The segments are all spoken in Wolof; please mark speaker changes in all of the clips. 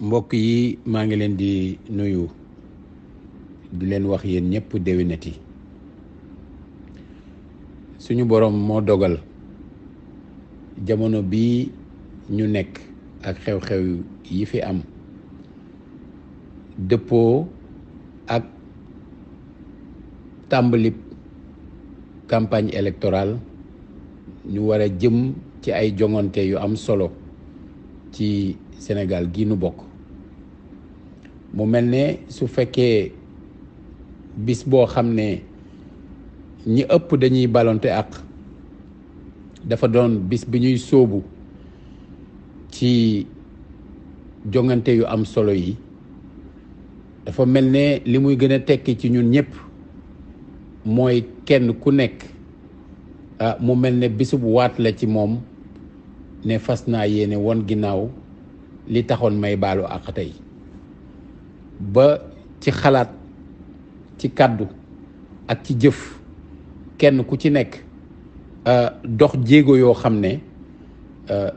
Speaker 1: mbokk yi maa ngi leen di nuyu di leen wax yéen ñëpp déwénati suñu boroom moo dogal jamono bii ñu nekk ak xew-xew yi fi am dëppoo ak tàmbalib campagne électorale ñu war a jëm ci ay joŋante yu am solo ci Sénégal gii nu bokk mu mel ne su fekkee bis boo xam ne ñi ëpp dañuy balonte ak dafa doon bis bi ñuy sóobu ci jongante yu am solo yi dafa mel ne li muy gën a tekki ci ñun ñëpp mooy kenn ku nekk ah, mu mel ne bisub waat la ci moom ne fas naa yéene won ginnaaw li taxoon may baalo àq tey ba ci xalaat ci kàddu ak ci jëf kenn ku ci nekk euh, dox jéego yoo xam ne euh,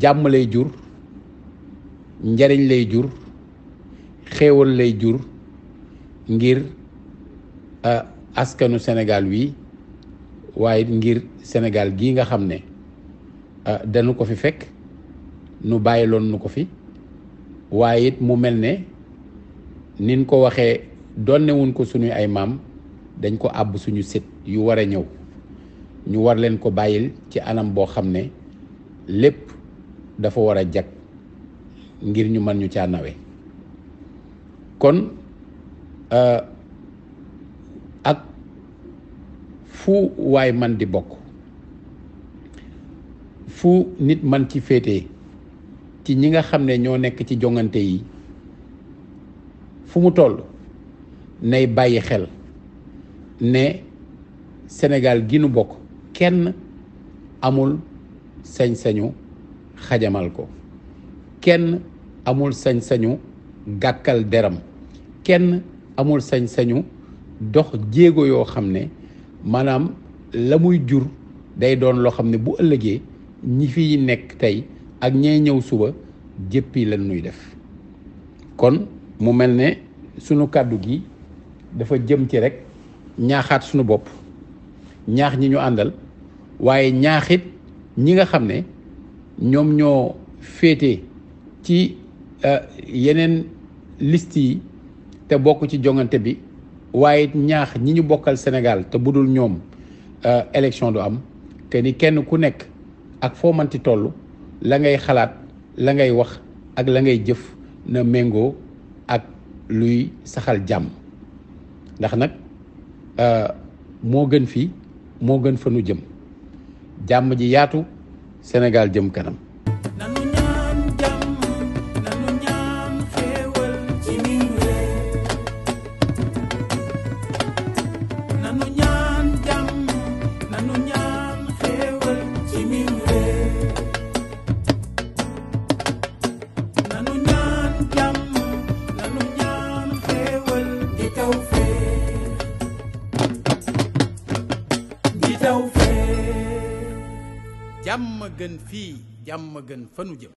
Speaker 1: jàmm lay jur njariñ lay jur xéewal lay jur ngir euh, askanu Sénégal wi waaye ngir Sénégal gi nga xam ne danu ko fi fekk nu bàyyiloon nu ko fi waaye it mu mel ne nin ko waxee donnewuñ ko suñu ay maam dañ ko àbb suñu sët yu war a ñëw ñu war leen ko bàyyil ci anam boo xam ne lépp dafa war a jag ngir ñu mën ñu caa nawe kon euh, ak fu waay man di bokk fu nit man ci féete ci ñi nga xam ne ñoo nekk ci jongante yi fu mu toll nay bàyyi xel ne Sénégal gi nu bokk kenn amul sañ-sañu xajamal ko kenn amul sañ-sañu gàkkal deram kenn amul sañ-sañu dox jéego yoo xam ne maanaam la muy jur day doon loo xam ne bu ëllëgee ñi fiy nekk tey ak ñee ñëw suba jéppi lan nuy def kon mu mel ne sunu kàddu gi dafa jëm ci rek ñaaxaat sunu bopp ñaax ñi ñu àndal waaye ñaaxit ñi nga xam ne ñoom ñoo féete ci euh, yeneen list yi te bokk ci jongante bi waaye ñaax ñi ñu bokkal Sénégal te budul ñoom euh, élection du am te ni kenn ku nekk ak foo manti toll la ngay xalaat la ngay wax ak la ngay jëf na méngoo ak luy saxal jàmm ndax nag euh, moo gën fii moo gën fa nu jëm jàmm ji yaatu Sénégal jëm kanam xew fee jàmm gën fii jàmm gën fanu jëm